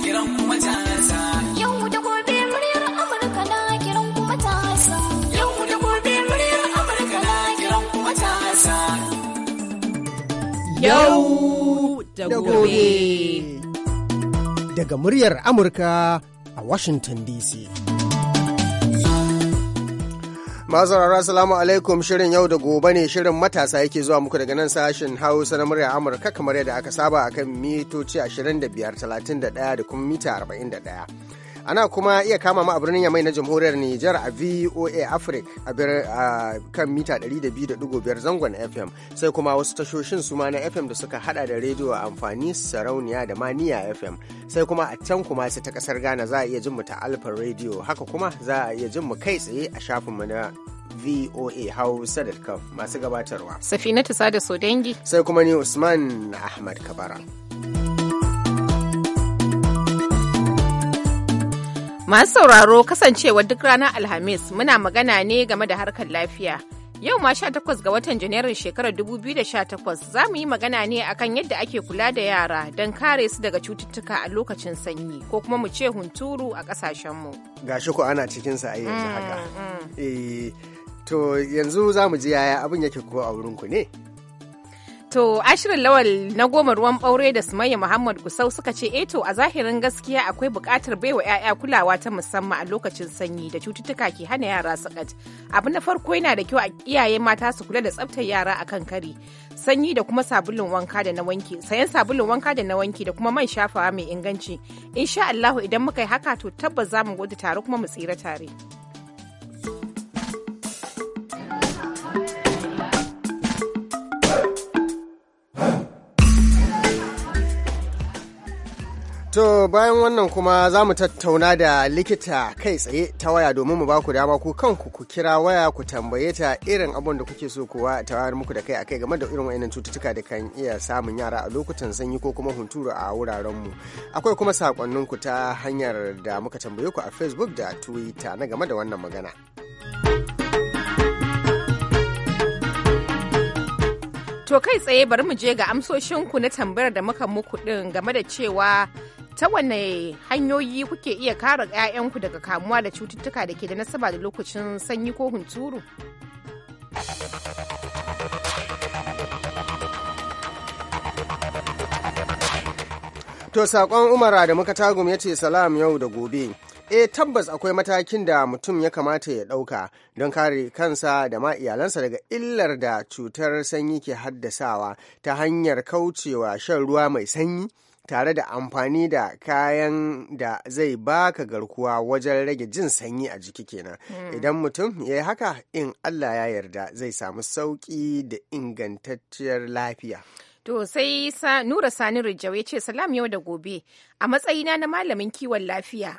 kiran kuma tasa. Yau da gobe muryar Amurka na kiran kuma tasa. Yau da gobe muryar Amurka na kiran kuma tasa. Yau da gobe. Daga muryar Amurka a Washington DC. Mazarara salamu alaikum shirin yau da gobe ne shirin matasa yake zuwa muku daga nan sashen Hausa na murya Amurka kamar yadda aka saba akan mitoci 25, 31 da kuma mita 41. ana kuma iya kama mu a birnin yamai na jamhuriyar Nijar a VOA Africa a kan mita 200.5 zangon FM sai kuma wasu tashoshin suma na FM da suka hada da rediyo amfani sarauniya da maniya FM sai kuma a can kuma sai ta kasar Ghana za a iya jin mu ta alfar Radio haka kuma za a iya jin mu kai tsaye a shafin mu na VOA Hausa.com masu gabatarwa. Safinatu Sada Sodengi. Sai kuma ne Usman Ahmad Kabara. Masu sauraro kasancewa duk ranar Alhamis muna magana ne game da harkar lafiya. Yau ma 18 ga watan Janairun shekarar 2018 za mu yi magana ne akan yadda ake kula da yara don kare su daga cututtuka a lokacin sanyi ko kuma mu ce hunturu a ƙasashenmu. Ga shi ko ana cikinsa a yanzu mm, haka. Mm. Eh, to yanzu za mu ji yaya abin yake ko a wurinku ne? To ashirin lawal na goma ruwan ɓaure da Sumayya Muhammad Gusau suka ce eto eh a zahirin gaskiya akwai buƙatar baiwa 'ya'ya kulawa ta musamman a lokacin sanyi da cututtuka ke hana yara sakat. Abu na farko yana da kyau a iyaye mata su kula da tsaftar yara a kan kari. Sanyi da kuma sabulun wanka da na wanki, sayan sabulun wanka da na wanki da kuma man shafawa mai inganci. Insha Allahu idan muka yi haka to tabbas za mu gode tare kuma mu tsira tare. so bayan wannan kuma za mu tattauna da likita kai tsaye ta waya domin mu baku dama ku kanku ku kira waya ku tambaye ta irin abun da kuke so kuwa ta wayar muku da kai a kai game da irin wayannan cututtuka da kan iya samun yara a lokutan sanyi ko kuma hunturu a wuraren mu. Akwai kuma sakonnin ku ta hanyar da muka tambaye ku a Facebook da Twitter na game da wannan magana. To kai tsaye bari mu je ga amsoshinku na tambayar da muka muku din game da cewa ta wane hanyoyi kuke iya kare 'ya'yanku daga kamuwa da cututtuka da ke da nasaba da lokacin sanyi ko hunturu? To saƙon Umar da muka tagum ya ce salam yau da gobe. E tabbas akwai matakin da mutum ya kamata ya ɗauka don kare kansa da ma iyalansa daga illar da cutar sanyi ke haddasawa ta hanyar kaucewa shan ruwa mai sanyi. tare da amfani da kayan da zai baka garkuwa wajen rage jin sanyi a jiki kenan hmm. idan mutum ya yi haka in allah ya yarda zai samu sauƙi da ingantacciyar lafiya To sai sa Nura Sani Rijau ya ce salam yau da gobe a matsayina na malamin kiwon lafiya.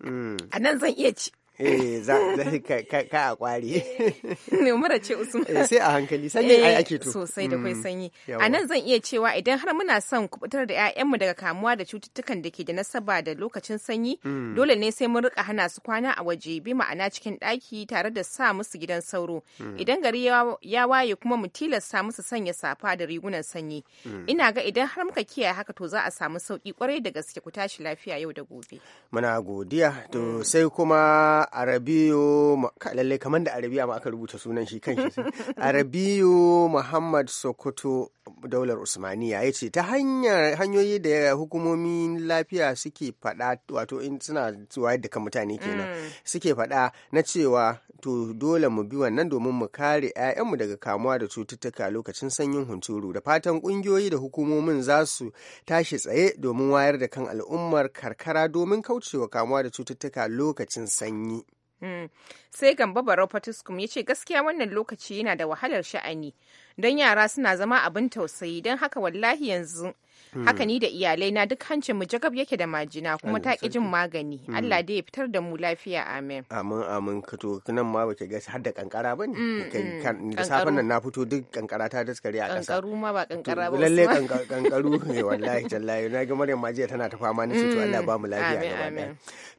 Hmm. A nan zan iya eh za ka a kware eh, ne mara ce usman eh, sai a hankali sanyi ai ake to sosai da kai mm, sanyi a nan zan iya cewa idan har muna son kubutar da 'ya'yanmu daga kamuwa da cututtukan da ke da nasaba da lokacin sanyi mm. dole ne sai mun rika hana su kwana a waje bi ma'ana cikin ɗaki tare da sa musu gidan sauro mm. idan gari ya waye kuma mu tilasta musu sanya safa da rigunan sanyi ina ga idan har muka kiyaye haka to za a samu sauki kwarai da gaske ku tashi lafiya yau da gobe muna godiya to sai kuma Arabiyo lallai kamar da Arabiya ma aka rubuta sunan shi kan Arabiyo Muhammad Sokoto daular Usmaniya ya ce ta hanyar hanyoyi da hukumomin lafiya suke faɗa wato in suna wayar da kan mutane kenan mm. suke faɗa na cewa to dole mu bi wannan domin mu kare 'ya'yanmu daga kamuwa da cututtuka lokacin sanyin hunturu da fatan kungiyoyi da hukumomin za su tashi tsaye domin wayar da kan al'ummar karkara domin kaucewa kamuwa da cututtuka lokacin sanyi. Hmm. sai gamba barau Fatiskum ya ce gaskiya wannan lokaci yana da wahalar sha'ani don yara suna zama abin tausayi don haka wallahi yanzu haka ni da iyalai na duk hancin mu jagab yake da majina kuma ta ki jin magani mm. Allah dai ya fitar da mu lafiya amin amin amin ka to nan ma baki ga har da kankara bane mm, mm. da safan nan na fito duk kankara ta daskare a kasa kankaru ma ba kankara ba lalle kankaru ne wallahi tallahi na ga Maryam ma jiya tana ta fama ne to Allah ba mu lafiya gaba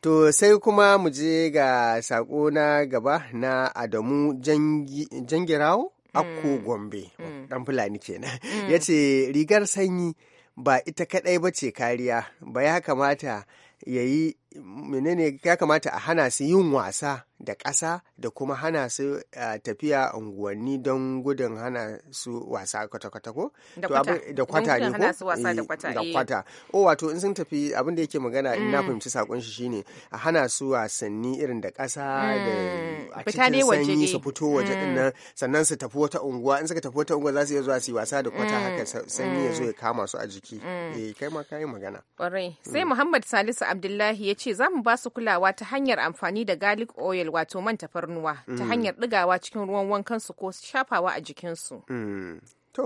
to sai kuma mu je ga sako na gaba na Adamu Jangirawo akko mm. gombe dan mm. fulani kenan mm. ya ce rigar sanyi ba ita kadai ba ce kariya ba ya kamata ya yi menene ya kamata a hana su yin wasa da ƙasa da kuma hana su tafiya unguwanni don gudun hana su wasa kwata-kwata ko? Da kwata ne ko? Da eh, eh. kwata. O wato in sun tafi abin da yake magana Ina mm. fahimci sakon shi shine a hana su wasanni irin da ƙasa da mm. a cikin sanyi su fito waje mm. din nan sannan su tafi wata unguwa in suka tafi wata unguwa za su iya zuwa su yi wasa da kwata haka sanyi ya zo ya kama su a jiki. Eh kai ma kayi magana. Ƙwarai. Sai Muhammad Salisu Abdullahi ya ce za mu ba su kulawa ta hanyar amfani da garlic oil wato man tafarnuwa ta mm. hanyar ɗigawa cikin ruwan wankansu ko shafawa a jikinsu. Mm. to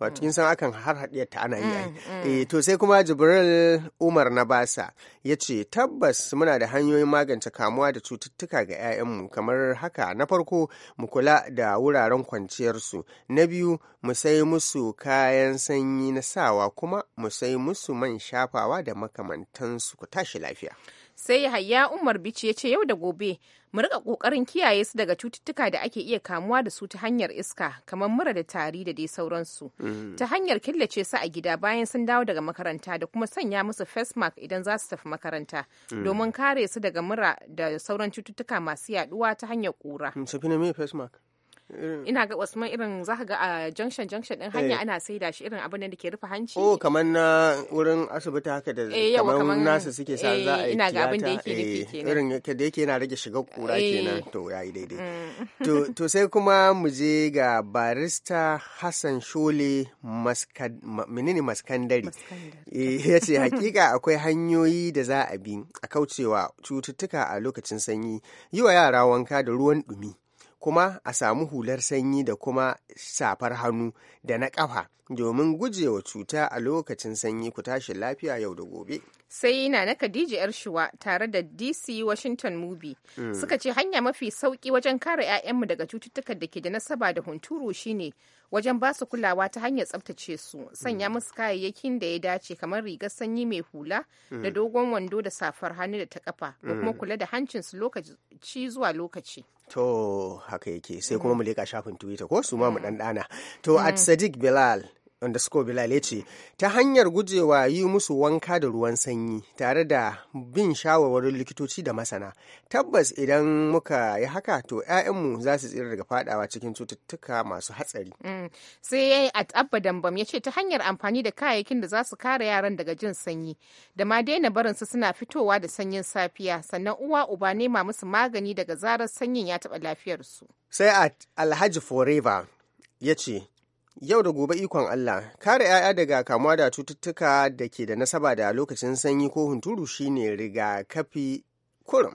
wato mm. kin san akan har ta ana yi eh, to sai kuma Jibril Umar na basa ya ce tabbas muna da hanyoyin magance kamuwa da cututtuka ga 'ya'yanmu kamar haka na farko mu kula da wuraren kwanciyarsu na biyu mu sai musu kayan sanyi na sawa kuma mu sai musu man shafawa da makamantansu ku tashi lafiya sai yahaya umar bici ya ce yau da gobe mu rika kokarin kiyaye su daga cututtuka da ake iya kamuwa da su ta hanyar iska kamar mura da tari da dai sauransu mm. ta hanyar killace su a gida bayan sun dawo daga makaranta da kuma sanya musu face mask idan za su tafi makaranta mm. domin kare su daga mura da sauran cututtuka masu yaduwa ta hanyar kura. Mm, Mm. ina ga mai irin za ga a junction junction din hanya eh. ana saida shi irin abin da ke rufe hanci oh kamar na wurin asibiti haka da eh, kamar nasu suke sa za a yi ina ga abin da yake rufe eh, kenan irin da yake yana rage shiga kura kenan to yayi daidai mm. to to sai kuma mu je ga barista Hassan Shole menene maskandari yace ce hakika akwai hanyoyi da za a bi a kaucewa cututtuka a lokacin sanyi yi wa yara wanka da ruwan dumi kuma a samu hular sanyi da kuma safar hannu da na ƙafa domin gujewa cuta a lokacin sanyi ku tashi lafiya yau da gobe. Sai na na Khadija Shuwa tare da DC Washington Movie mm. suka ce hanya mafi sauki wajen kare 'ya'yanmu daga cututtukan da ke da nasaba da hunturu shine wajen ba su kulawa ta hanyar tsabtace su sanya mm. musu kayayyakin da ya dace kamar rigar sanyi mai hula mm. da dogon wando da safar hannu da ta kafa da kuma mm. kula da hancinsu lokaci zuwa lokaci to haka yake sai kuma mu leka shafin twitter ko su ma mu ɗanɗana to at sadiq bilal underscore bilal ce ta hanyar gujewa yi musu wanka da ruwan sanyi tare da bin shawarwarin likitoci da masana tabbas idan muka yi haka to 'ya'yanmu za su tsira daga fadawa cikin cututtuka masu hatsari mm. sai ya yi abba dambam ya ce ta hanyar amfani da kayayyakin da za su kare yaran daga jin sanyi da ma daina barin su suna fitowa da sanyin safiya sannan uwa uba ma musu magani daga zarar sanyin ya taɓa lafiyarsu sai alhaji forever ya ce Yau da gobe ikon Allah, kare 'ya'ya daga kamuwa da cututtuka da ke da nasaba da lokacin sanyi ko hunturu shine rigakafi kurum.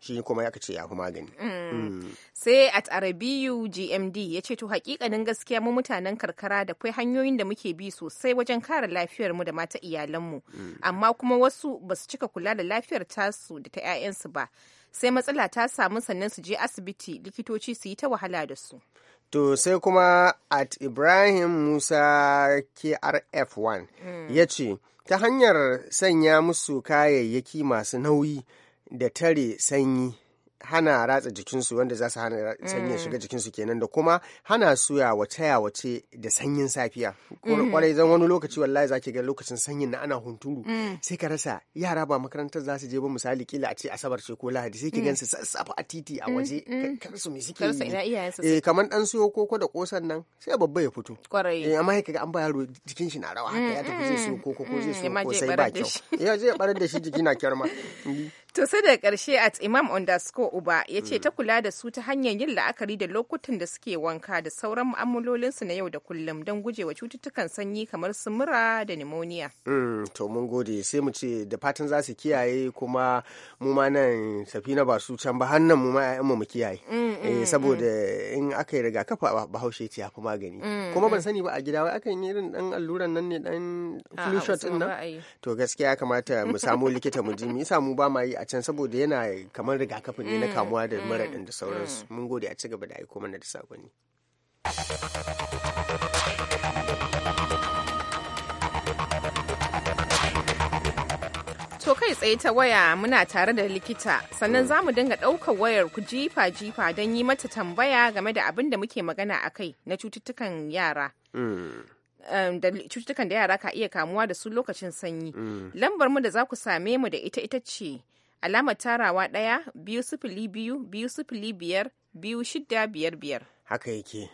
shi kuma ya ce ya fi magani. Mm. Mm. Sai at Arabiyu GMD ya ce to hakikanin gaskiya mu mutanen karkara da kwai hanyoyin da muke bi sosai wajen kare lafiyar mu da mata mu mm. Amma kuma wasu ba su cika kula da lafiyar tasu da ta 'ya'yansu ba. Sai matsala ta samu sannan su je asibiti likitoci su yi ta wahala da su. to sai kuma at ibrahim musa krf1 mm. ya ce ta hanyar sanya musu kayayyaki masu nauyi da tare sanyi hana ratsa jikinsu wanda za su hana mm. shiga jikinsu kenan da kuma hana suya wace ya wace da sanyin safiya mm-hmm. kwarai zan wani lokaci wallahi zaki ga lokacin sanyin na ana hunturu mm. sai ka rasa yara ba makarantar za su je ba misali kila a ce asabar ce ko lahadi sai ki mm. gansu sassafa a titi a waje mm, kar su suke eh kamar dan siyo koko da kosan nan sai babba ya fito kwarai eh, amma kaga an ba yaro jikin shi na rawa haka ya tafi zai siyo koko ko zai siyo ko sai ba kyau ya ya barar da shi jiki na kyar ma To sai da ƙarshe at imam underscore uba ya ce ta kula da su ta hanyar yin la'akari da lokutan da suke wanka da sauran mu'amalolinsu na yau da kullum don wa cututtukan sanyi kamar su mura da nimoniya. Mm, to mun gode sai mu ce da fatan za su kiyaye kuma mu ma nan na ba su can ba hannan mu ma ƴaƴanmu mu kiyaye. Mm, mm, eh, saboda in aka yi rigakafi a bahaushe ce yafi magani. Kuma ban sani ba a gida wai akan yi irin ɗan alluran nan ne ɗan flu shot ɗin nan. To gaskiya ya kamata mu samu likita mu ji mu samu ba ma yi a can saboda yana kamar rigakafin ne na mm, kamuwa da mm, mura da sauransu mm. mun gode a cigaba gaba da aiko mana da sakonni. To kai tsaye ta waya muna tare da likita sannan za mu dinga ɗaukar wayar ku jifa-jifa don yi mata tambaya game da abin da muke magana a kai na cututtukan yara. cututtukan da yara ka iya kamuwa da su lokacin sanyi. Lambar mu da za ku same mu da ita ita ce alamar tarawa ɗaya biyu sifili biyu biyu sifili biyar biyu shida biyar biyar. Haka yake.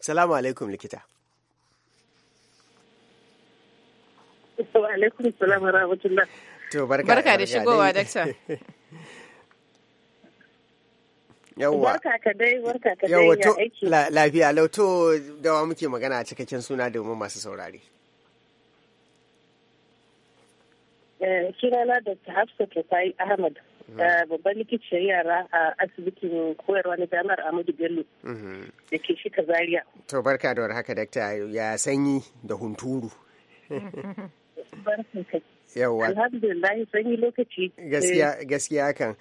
Salamu alaikum likita. alaikum wa To barka. Barka da shigowa dakta. Yawwa. Barka ka dai, barka ka dai ya aiki. Lafiya lauto dawa muke magana a cikakken suna domin masu saurare. sunana ta Hafsat Rufai Ahmad. Eh, babban likitan yara a asibitin koyarwa na jami'ar Amadu Bello mhm. da ke shi Zaria. To barka da warhaka dakta ya sanyi da hunturu. Barka Alhamdulillah sanyi lokaci. Gaskiya eh. kan.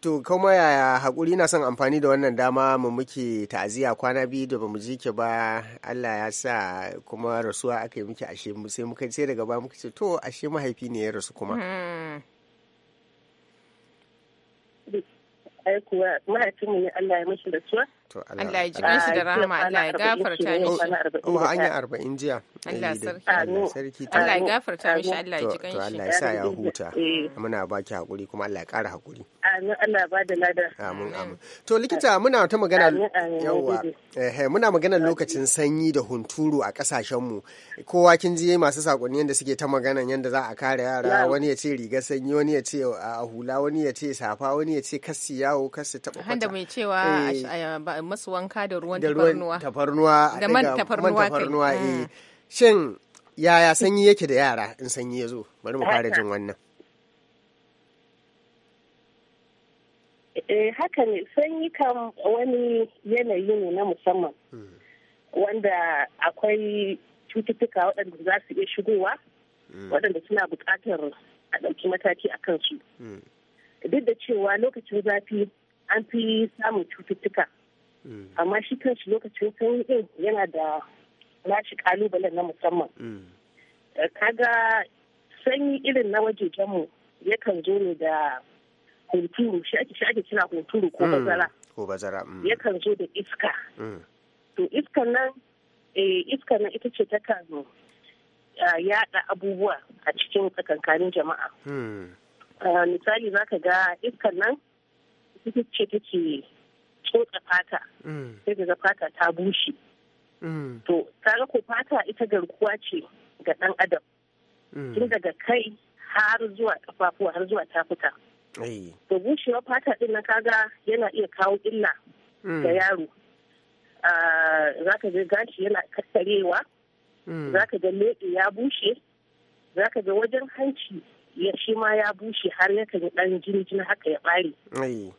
to kuma yaya haƙuri na son amfani da wannan dama mu muke ta'aziyya kwana biyu da mu ji ke ba Allah ya sa kuma rasuwa aka yi muke ashe sai muka sai daga ba muka ce to ashe mahaifi ne ya rasu kuma. Hmm. Aikuwa mahaifi ne Allah ya mashi rasuwa. Allah ya ji kanshi da rahama Allah ya gafarta mishi. Oh anya arba'in jiya. Allah eh, sarki. Allah ya gafarta mishi Allah ya ji kanshi. To Allah ya sa ya huta. Eh. Muna baki hakuri kuma Allah ya ƙara hakuri. Amin Allah ba da ladar. Amin amin. To likita muna ta magana yawa. Eh muna magana lokacin sanyi da hunturu a kasashen mu. Kowa kin ji masu sakonni yanda suke ta magana yanda za a kare yara wani ya ce riga sanyi wani ya ce a ah, hula wani ya ce safa wani ya ce kassi yawo kassi taɓa. Handa mai cewa eh. masu wanka da ruwan tafarnuwa da man eh, tafarnuwa ah. eh shin yaya sanyi yake da yara in sanyi ya zo bari mu fara jin wannan eh, haka ne sanyi kan wani yanayi ne na musamman hmm. wanda akwai cututtuka waɗanda za su iya shigowa hmm. waɗanda suna buƙatar a ɗauki mataki a kansu hmm. duk da cewa lokacin zafi an fi samun cututtuka amma shi kanshi lokacin sanyi din yana da nashi kalubalen na musamman mm. kaga sanyi irin na waje wajejenmu yakan zo ne da hunturu shi ake kira hunturu ko mm. bazara ko bazara mm. yakan zo da iska to iskan nan eh, iskan nan ita ce ta kan ah, yada abubuwa a cikin tsakankanin jama'a ah, misali za ka ga iskan nan ita ce take tsotsa fata mm. sai ga fata ta bushe mm. to kaga ko fata ita garkuwa ce ga ɗan adam mm. tun daga kai har zuwa kafafuwa har zuwa tafuka to bushewa fata ɗin na kaga yana iya kawo illa ga yaro ah, za ka ga gashi yana kakkarewa za ka ga leɓe ya bushe za ka ga wajen hanci ya shi ma ya bushe har yakan ɗan jini haka ya ɓare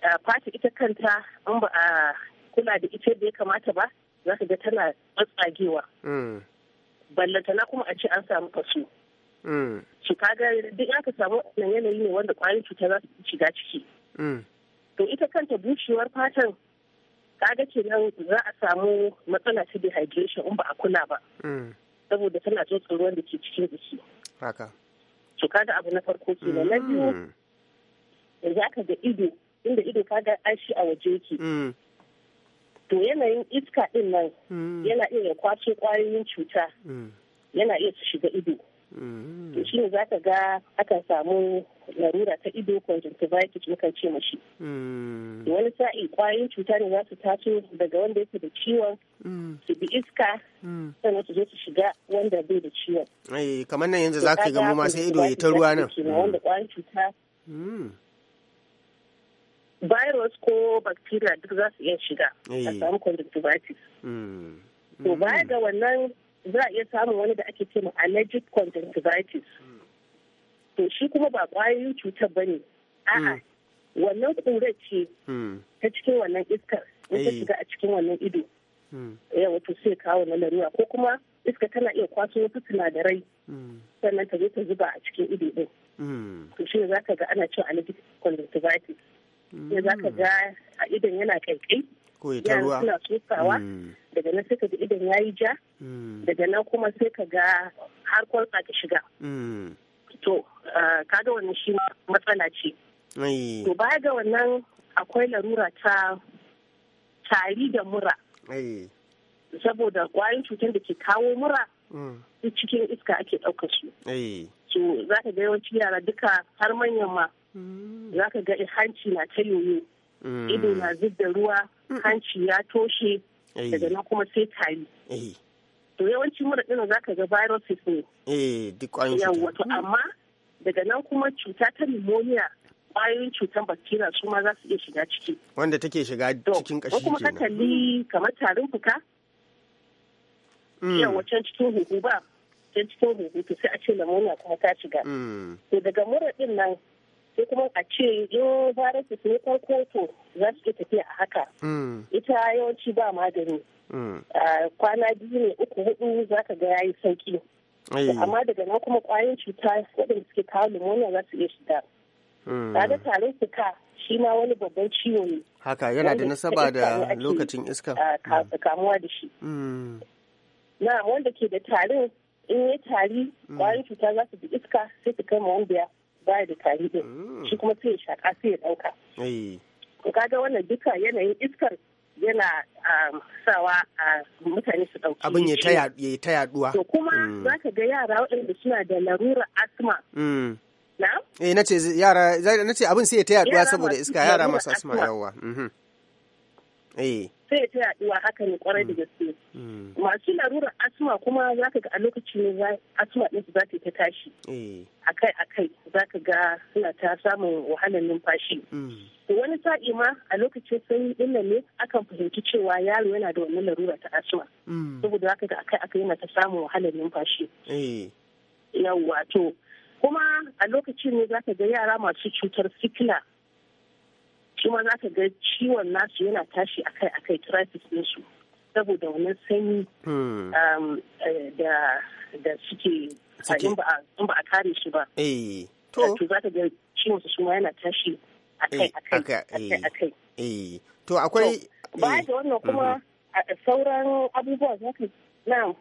fata ita kanta in ba a kula da ita da ya kamata ba za ka ga tana tsatsagewa. Mm. Ballantana kuma a ce an samu kaso. Mm. Su kaga duk aka samu wannan yanayi ne wanda kwayoyin cuta za su shiga ciki. Mm. To ita kanta bushewar fatan kaga nan za a samu matsala ta dehydration in ba a kula ba. Saboda tana tsotsin ruwan da ke cikin jiki. Haka. abu na farko ke Na biyu za ka ga ido inda ido kaga ga shi a waje yake mm. to yanayin iska din nan mm. yana iya ya kwaso kwayoyin cuta mm. yana iya su shiga ido to shine za ka ga akan samu larura ta ido conjunctivitis mukan ce mashi wani sa'i kwayoyin cuta ne za su taso daga wanda yake da ciwon su bi iska sannan su zo su shiga wanda bai da ciwon kamar nan yanzu za ka ga mu ma sai ido ya ta ruwa nan virus ko bacteria duk za su iya shiga a eh. samu conjunctivitis. Hmm. To hmm. baya ga wannan za a iya samun wani da ake cewa allergic conjunctivitis. To shi kuma ba kwayoyin cutar ba ne. A'a, hmm. wannan kura ce ta cikin wannan iskar in ta eh. shiga a cikin wannan ido. Ya to sai kawo na larura ko kuma iska tana iya kwaso wasu sinadarai sannan ta zo ta zuba a cikin ido ɗin. To shi ne za ka ga ana cewa allergic conjunctivitis. ya za ka ga a idan yana kaikai yana suna tsotsawa mm. daga nan sai ka ga idan ya yi ja mm. daga nan kuma sai ka ga har kwalta ta shiga mm. to kaga wannan shi matsala ce to baya ga wannan akwai larura ta tari da mura saboda kwayoyin cutar da ke kawo mura cikin iska ake ɗaukar su so za ka ga yawanci yara duka har manyan ma Mm. za ka ga hanci na ta yoyo mm. ido na zub da ruwa mm. hanci ya toshe daga nan kuma sai tari to yawancin mura ɗin za ka ga viruses ne eh, yawwa to amma daga nan kuma cuta ta pneumonia Bayan cutar bakteriya su ma za su iya shiga ciki. Wanda take shiga cikin kashi kuma ka kalli kamar tarin fuka. yan wacan cikin huhu ba, can cikin huhu to sai a ce lamoniya kuma ta shiga. To daga mura din nan sai kuma a ce yo su ne farko to za su iya tafiya a haka mm. ita yawanci ba magani mm. kwana biyu ne uku hudu za ka ga yayi sauki amma daga nan kuma kwayoyin cuta waɗanda suke kawo limoniya za su iya shiga da mm. tarin fuka shi ma wani babban ciwo ne haka yana da nasaba da lokacin iska kamuwa da shi na wanda ke da tarin in yi tari kwayoyin cuta za su bi iska sai su kai ma ya baya da tari din mm. shi kuma sai ya shaka sai ya dauka kaga wannan duka yanayin iskar yana um, sawa a mutane su dauki abin ya ta yaduwa to kuma mm. za ka ga yara waɗanda suna da larura asma mm. na eh nace yara nace abin sai ya ta yaduwa saboda iska yara masu asma yawa mhm. eh sai ta yaduwa haka ne kwarai da mm. gaske mm. masu larurar asma kuma za ka ga a lokaci ne asma din su za ta ta tashi eh. akai akai za ka ga suna ta samun wahalar numfashi mm. wani sa'i ma a lokacin sanyi din ne akan fahimci cewa yaro yana da wannan larura ta asma saboda za ka ga akai akai yana ta samun wahalar numfashi eh. yawwa to kuma a lokacin ne za ka ga yara masu cutar sikila kuma za ka ga ciwon nasu yana tashi akai akai trafic su saboda wannan sanyi hmm. um, eh, da suke in ba a kare shi ba. Eh. Eh, to za ka ga ciwon su su ma yana tashi akai akai akai. To akwai. Baya da wannan kuma mm-hmm. sauran abubuwa za ka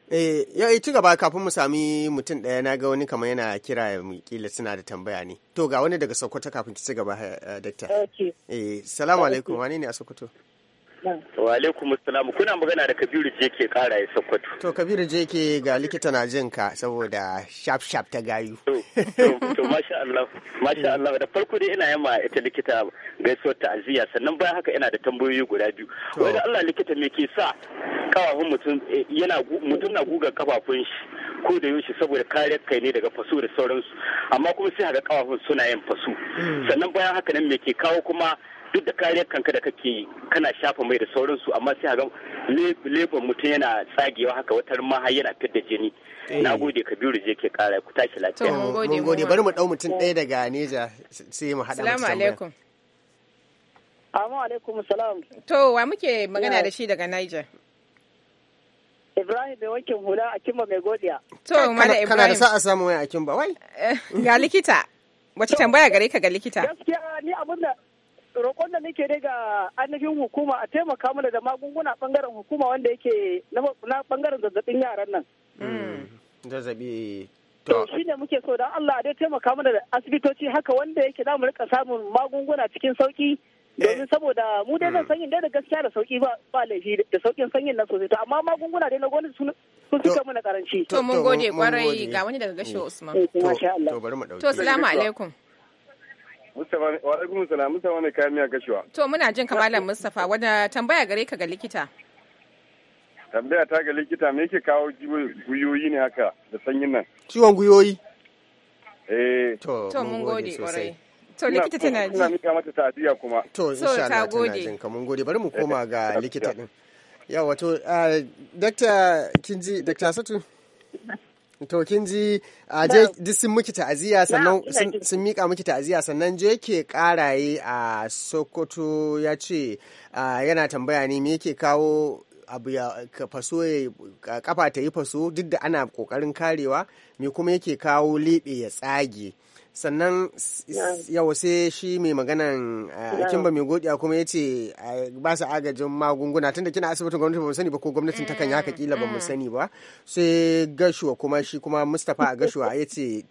Eh, ya eh, ci gaba kafin mu sami mutum ɗaya na ga wani kamar yana kira ya kila suna da tambaya ne. To ga wani daga Sokoto kafin ki ci gaba, eh, eh, Ok. Eh, salamu alaikum, wani ne a Sokoto? Wa alaikum assalam kuna magana da Kabiru je ke kara ya Sokoto. To Kabiru je ke ga likita na jin ka saboda sharp sharp ta gayu. To masha Allah masha eh. Allah da farko dai ina yamma ita likita gaisuwar ta'aziya sannan bayan haka ina da tambayoyi guda biyu. Wai da Allah likita me ke sa kawafin mutum eh, yana mutum na guga kafafun shi ko da yaushe saboda kariyar kai ne daga faso da sauransu amma kuma sai haka kafafun suna yin faso. Hmm. Sannan bayan haka nan me ke kawo kuma duk da kariyar kanka da kake kana shafa mai da sauransu amma sai ga lebon mutum yana tsagewa haka watar ma har yana fitar da jini eh. na gode kabiru je ke kara ku tashi lafiya eh, mun gode bari mu dau mutum ɗaya daga neja sai mu hada mu alaikum Assalamu alaikum salam. To wa muke magana da shi daga Niger? Ibrahim bai wankin hula a Kimba mai godiya. To mana Ibrahim. Kana da sa'a samu wai a Kimba wai? Eh, ga likita. Wace tambaya gare ka ga likita? Gaskiya ni abin da roƙon da nake daga ainihin hukuma a taimaka mana da magunguna bangaren hukuma wanda yake na bangaren zazzabin yaran nan. Hmm. Zazzabi. To shi ne muke so don Allah dai taimaka mana da asibitoci haka wanda yake za mu rika samun magunguna cikin sauki eh. domin saboda mu dai nan hmm. sanyin dai da gaskiya da sauki ba ba laifi da saukin sanyin nan sosai to amma magunguna dai na gwamnati sun sun suka mana karanci. To mun gode kwarai ga wani daga gashin hmm. Usman. Eh, to bari mu dauke. To salamu alaikum. Mustapha wa alaikum salam Mustapha ne kayan miya gashiwa. To muna jin ka malam Mustapha wanda tambaya gare ka ga likita. Tambaya ta ga likita me yake kawo guyoyi ne haka da sanyin nan? Ciwon guyoyi. Eh. To mun gode sosai. To likita tana ji. Ina mika mata ta'aziyya kuma. To insha Allah tana jin ka mun gode bari mu eh, koma ga likita din. Yawa to eh, Dr. Kinji Dr. Satu. To kin ji a je duk sun miki ta'aziyya sannan sun mika miki ta'aziyya sannan je ke karaye a Sokoto ya ce yana tambaya ne me yake kawo abu ya faso ya kafa ta yi faso duk da ana kokarin karewa me kuma yake kawo lebe ya tsage. sannan yau sai shi mai maganan ah, kimba mai godiya kuma ya ce ah, ba su agajin magunguna tunda kina asibitin gwamnati ba mu sani ba ko gwamnatin ta kan haka kila ba mu mm. sani ba sai gashuwa kuma shi kuma mustapha a gashuwa ya ce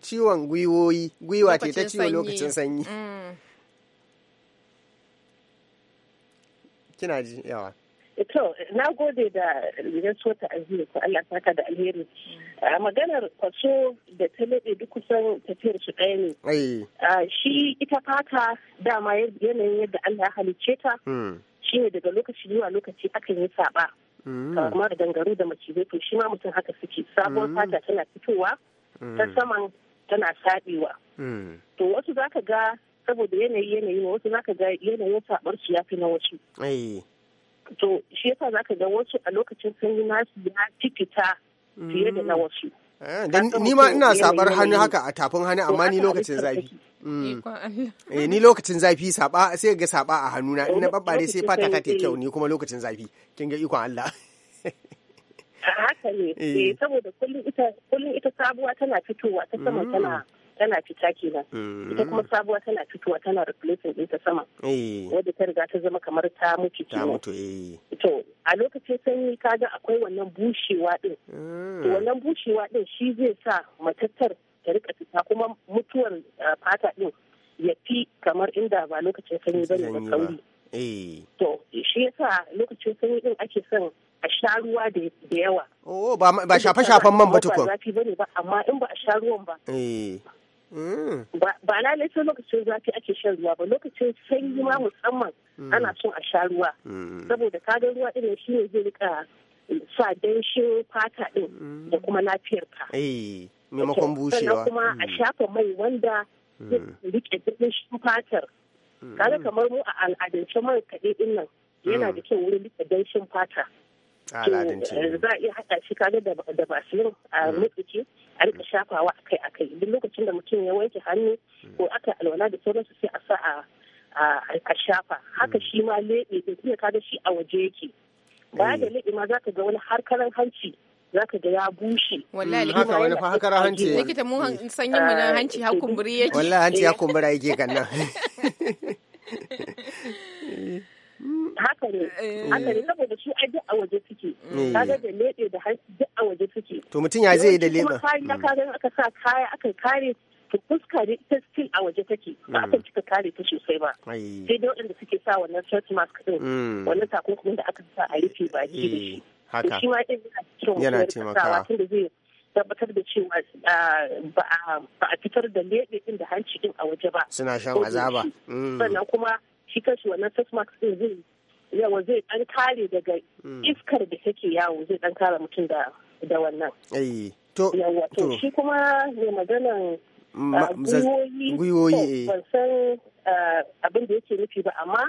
ciwon gwiwoyi gwiwa ce ta ciwo lokacin sanyi mm. kina ji yawa To, na gode da gaso ta aziyu ko Allah saka da alheri. a Maganar kwaso da ta laɗe duk kusan tafiyar su ɗaya ne. Shi ita fata dama yanayin yadda Allah halicce ta hmm. shi ne daga lokaci zuwa lokaci akan yi saba. Hmm. Kamar dangaru da macizai to shi ma mutum haka suke sabon hmm. fata tana fitowa ta saman tana saɓewa. To wasu zaka ga saboda yanayi yanayi wasu zaka ga yanayin saɓar su ya fi na wasu. to shi yasa ka ga wasu a lokacin sanyi nasu ya tikita fiye da na wasu eh, ni ma ina sabar hannu haka a tafin hannu amma mm. eh, ni lokacin zafi ni lokacin zafi saba sai ga saba a hannuna ina babbare sai fata ta kyau eh. ni kuma lokacin zafi kin ga ikon Allah haka ne saboda kullum ita sabuwa tana fitowa ta sama mm. tana tana fita kenan ita mm-hmm. kuma sabuwa tana fitowa tana replacing din ta sama oh. wadda ta riga ta zama kamar ta mutu eh. to a lokacin sanyi ka ga akwai wannan bushewa din mm. to wannan bushewa din shi zai sa matattar ta rika fita kuma mutuwar eh, fata din ya fi kamar inda ba lokacin sanyi bane da kauri eh. to shi yasa lokacin sanyi din ake son a sha ruwa da yawa. Oh, ba shafe-shafen man ba tukun. bane ba, amma in ba a sha ruwan ba. Ba na laifin lokacin zafi ake shan ruwa ba lokacin sanyi ma musamman ana son a sha ruwa. Saboda kaga ruwa ɗin shi ne zai rika sa danshin fata ɗin da kuma lafiyar ka. Eh, maimakon bushewa. Sannan kuma a hmm. shafa mai wanda zai hmm. rike shi fatar. Kaga hmm. kamar mu a al'adance man kaɗe ɗin nan yana da kyau wurin rike danshin fata. a eh, za a iya haɗa shi kaga da basilin a mm. mutuci a rika shafawa akai akai duk lokacin da mutum ya wanke hannu mm. ko aka alwala da sauransu sai a sa a shafa haka mm. shi ma leɓe da kuma kaga shi a waje yake baya da leɓe ma za ka ga wani harkaran hanci za ka ga ya bushe. Wallahi haka wani fa haka hanci. Likita mu eh. sanyin mu na eh, hanci ha kumburi yake. Wallahi hanci ya kumbura yake kan nan. haka ne eh. haka ne saboda su ai duk a waje suke eh. kaga da lebe da hanci duk a waje suke to mutum ya zai yi da lebe kuma kayan aka sa kaya aka kare to fuska ne ita still a waje take ba aka mm. cika kare ta sosai ba sai dai waɗanda suke sa wannan shirt mask din mm. wannan takunkumin da aka sa a rufe ba ji da eh, shi haka shi ma yana taimakawa tunda zai tabbatar da cewa ah, ba a fitar da leɓe din da hanci din a waje ba suna shan azaba mm. sannan kuma shi kashi wannan face din zai yawa zai dan kare daga hmm. iskar da take yawo zai dan kare mutum da da wannan yawa to shi kuma ne maganan ah, gwiwoyi eh. ban san ah, abin da yake nufi ba amma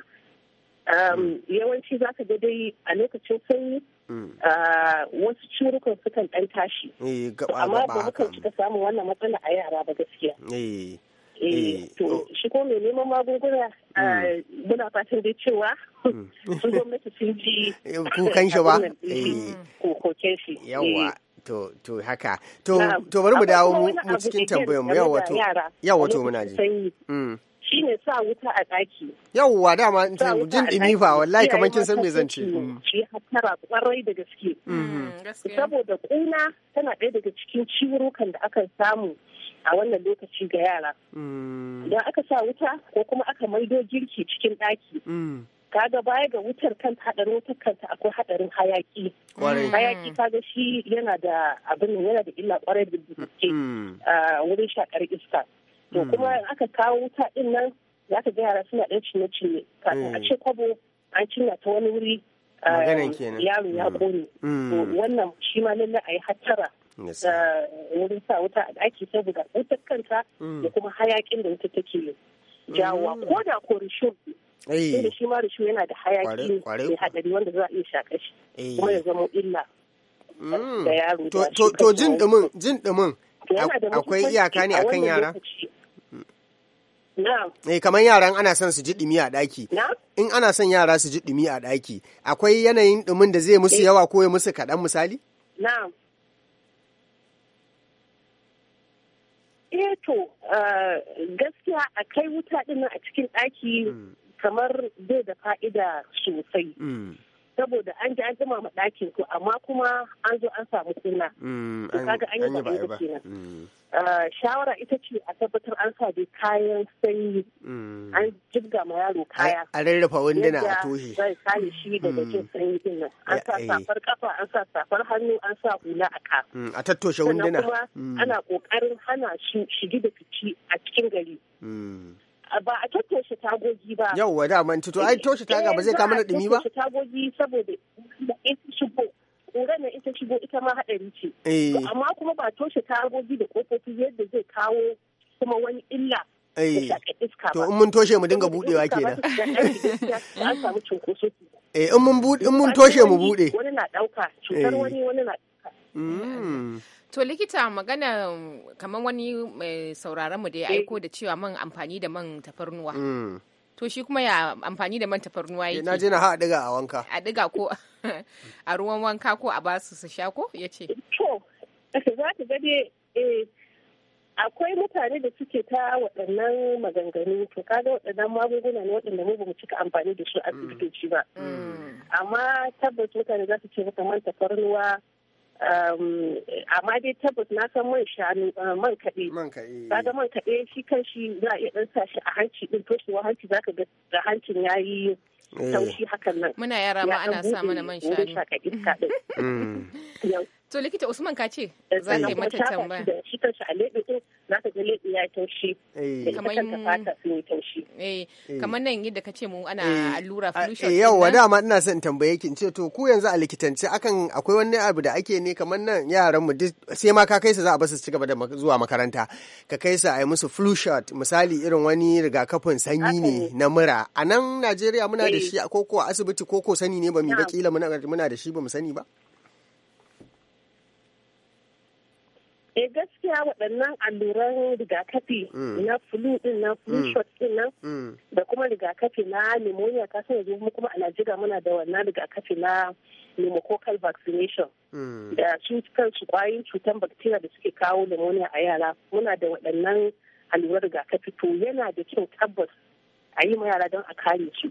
hmm. yawanci za ka ga dai a lokacin sanyi hmm. ah, wasu curukan sukan dan tashi eh, amma ba mukan cika samun wannan matsala a yara ba gaskiya eh. Eh, eh, to oh. shi ko mai neman magunguna mm. muna fatan da cewa mm. sun gwamnati sun ji eh, kukan shi ba mm, koken shi yawa to to haka to to bari mu dawo mu cikin tambayar mu yawa to yawa to muna ji shine sa wuta a ɗaki. Yawwa dama jin ɗimi fa wallahi kamar kin san me zan ce. Ki mm. hattara kwarai da gaske. Mm-hmm. Mm, Saboda kuna tana ɗaya daga cikin ciwurukan da akan samu a wannan lokaci ga yara. Mm. Idan aka sa wuta ko kuma aka maido girki cikin ɗaki. kaga baya ga wutar kanta haɗarin wutar kanta akwai haɗarin hayaki hayaki kaga shi yana da abin yana da illa kwarai da gaske wurin shakar iska to hmm. kuma aka kawo wuta din nan za ka ga yara suna ɗan cinye cinye kafin a hmm. ce kwabo an cinna ta wani wuri um, yaro ya hmm. ƙone to wannan shi ma lallai a yi hattara da uh, wurin sa wuta a ɗaki saboda wutar kanta da kuma hayakin da wuta take jawowa ko da ko rishin inda shi ma rishin yana da hayaki mai haɗari wanda za a iya shaƙa shi kuma ya zama illa da yaro to jin ɗumin jin ɗumin akwai iyaka ne akan yara Eh kamar yaran ana son su ji dumi a ɗaki. In ana son yara su ji dumi a ɗaki, akwai yanayin dumin da zai musu eh. yawa ko ya musu kaɗan misali? Na'am. Eh to eh, gaskiya a kai wuta ɗin a cikin ɗaki hmm. kamar bai da fa'ida sosai. Hmm. saboda an ji an jima ma ɗakin ku amma kuma an zo an samu suna. Mm, to kaga an yi ba ba mm. uh, Shawara ita ce a tabbatar an sa dai kayan sanyi mm. an jibga ma yaro kaya. A rarrafa wunduna a toshe. Zai kare shi daga jin sanyi din nan. An sa eh, eh. safar kafa an sa safar hannu an sa hula a ka. A tattoshe wunduna. Sannan kuma ana ƙoƙarin hana shi shigi da fici a cikin gari. ba a tattoshe tagogi ba. Yawwa da man to ai toshe taga ba zai kama da dumi ba? Eh, tagogi saboda na ita ma haɗari ce. Eh. Amma kuma ba toshe tagogi da kofofi yadda zai kawo kuma wani illa. Eh. To in mun toshe mu dinga buɗewa kenan. An samu cunkoso. Eh in mun toshe mu buɗe. Wani na ɗauka, cutar wani wani na ɗauka. Mm. To likita magana kamar wani mai sauraron mu da ya eh. aiko da cewa man amfani da man tafarnuwa. Mm. To shi kuma ya amfani da man tafarnuwa eh, yake. Na je na ha a diga a wanka. A diga ko a ruwan wanka ko a basu su sha ko ya ce. To za ka ga dai eh, akwai mutane da suke ta waɗannan maganganu to kaga waɗannan magunguna ne waɗanda mu ba mu cika amfani da su a mm. asibitoci ba. Mm. Amma tabbas mutane za su ce maka man tafarnuwa amma dai tabbas na san man shanu eh, man kaɗe da man kaɗe shi kan shi za a iya ɗan sa shi a hanci ɗin toshewa hanci za ka ga da hancin ya yi eh. taushi hakan nan muna yara ma ana sa mana man shanu To likita Usman ka ce eh, za ka yi mata tambaya. Da shi kanshi a lebe ɗin na ka gani ya yi taushi. Eh. Kamar yin fata sun yi taushi. Eh, kamar nan yadda ka ce mu ana allura flusher. yau wa dama ina son tambaye ki ce to ku yanzu a likitance akan akwai wani abu da ake ne kamar nan yaran mu sai ma ka kai su za a basu su gaba da zuwa makaranta ka kai su a yi musu flu shot misali irin wani rigakafin sanyi ne na mura a nan Najeriya muna da shi ko ko asibiti ko ko sani ne ba mu ba kila muna da shi ba mu sani ba. e gaskiya waɗannan alluran rigakafi mm. na flu din na flu mm. shot din nan mm. da kuma rigakafi na pneumonia kasan san mu kuma a Najeriya muna da wannan rigakafi na pneumococcal vaccination da su kwayoyin cutan bacteria da suke kawo pneumonia a yara muna da waɗannan alluran rigakafi to yana da kyau tabbas a yi ma yara don a kare su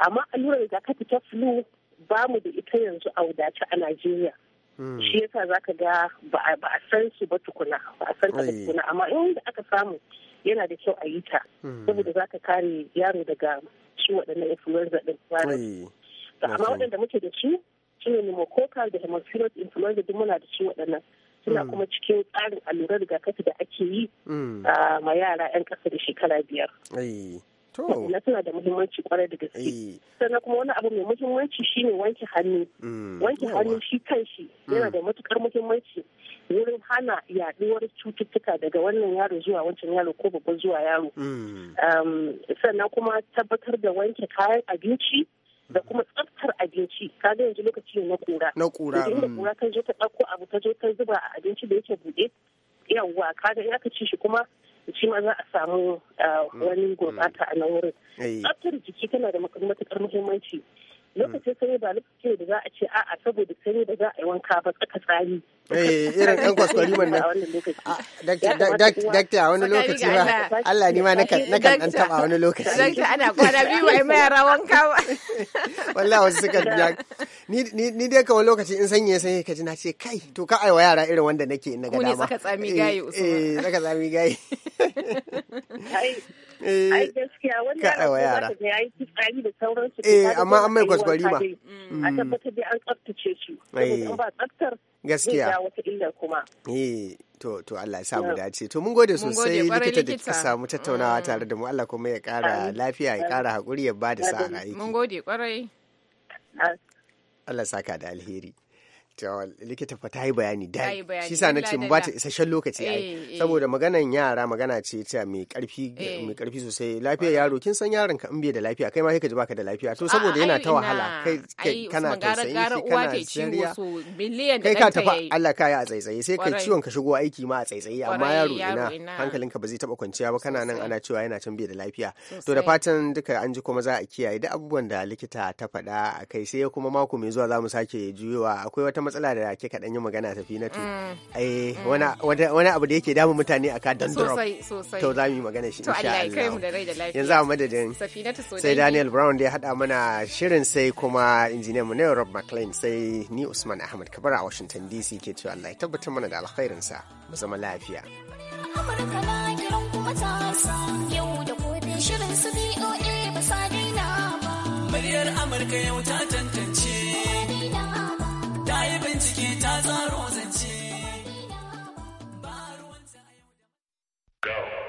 amma alluran rigakafi ta flu bamu da ita yanzu a wadace a Najeriya. Mm. shi yasa zaka ga ba a san su ba tukuna ba a san ta tukuna amma in da aka samu yana da kyau a yi ta mm. saboda zaka kare yaro daga shi waɗannan influenza din amma waɗanda muke da shi shine pneumococcal da hemophilus influenza duk muna da shi waɗannan suna mm. kuma cikin tsarin allurar rigakafi da ake yi ah, ma yara 'yan ƙasa da shekara biyar. To. suna da muhimmanci kwarai da gaske. Eh. Sannan kuma wani abu mai muhimmanci shine wanke hannu. Mm. Wanke hannu shi kan shi yana da mm. matukar muhimmanci wurin hana yaduwar cututtuka daga wannan yaro zuwa wancan yaro ko babban zuwa yaro. Mm. Sannan kuma tabbatar da wanke kayan abinci. da kuma tsaftar abinci ka kaga yanzu lokaci ne na kura na kura da kura ta zo ta ɗauko abu ta zo ta zuba a abinci da yake buɗe yawwa kaga in aka ci shi kuma shi ma za a samu ah, mm, wani mm. gurbata a nan wurin eh. tsaftar jiki tana da matuƙar muhimmanci lokacin sanyi ba lokacin da za a ce a'a saboda sanyi da za a yi wanka ba tsaka tsari Eh, irin ɗan kwaskwari man nan ah, dakta a wani lokaci ba Allah ni ma na kan ɗan taɓa wani lokaci dakta ana kwana biyu ai mai rawan kama wallahi wasu suka biya ni dai kawai lokaci in sanya sai ka ji na ce kai to ka aiwa yara irin wanda nake na ga dama ku ne saka tsami eh, gayi usman eh saka tsami gayi eh, ai gaskiya wannan ka yara da sauransu eh amma an mai kwaskwari ma mm. a tabbata da an tsaftace su mm. ba tsaftar gaskiya eh, to Allah ya samu dace to mun gode sosai likita da kika samu tattaunawa mm. tare da mu Allah kuma ya kara lafiya ya kara hakuri ya bada sa'a aiki mun gode kwarai Allah saka da alheri cewa likita fa ta yi bayani da shi sa na ce mu ta isasshen lokaci ai eh, eh. saboda maganan yara magana ce ta mai karfi eh. mai karfi sosai lafiya yaro kin san yaron ka in bai da lafiya kai ma kai ka ji baka da lafiya to saboda yana ta wahala kai kana tausayi kana zariya kai ka tafa Allah ka ya a tsaitsaye sai kai ciwon ka shigo aiki ma a tsaitsaye amma yaro ina hankalinka ba zai taba kwanciya ba kana nan ana cewa yana can bai da lafiya to da fatan duka an ji kuma za a kiyaye da abubuwan da likita ta faɗa a kai sai kuma mako mai zuwa za mu sake juyowa akwai wata matsala da ke kaɗan yi magana fi na tu wani abu da yake damun mutane a ka dandrop to za mu yi magana shi insha Allah yanzu a madadin sai Daniel Brown da ya haɗa mana shirin sai kuma injiniyan mu ne Rob McLean sai ni Usman Ahmad Kabara a Washington DC ke to Allah ya tabbatar mana da alkhairinsa mu zama lafiya Amurka na kiran kuma ta yau da gobe shirin su BOA ba sa daina ba muryar Amurka yau ta tantance Go.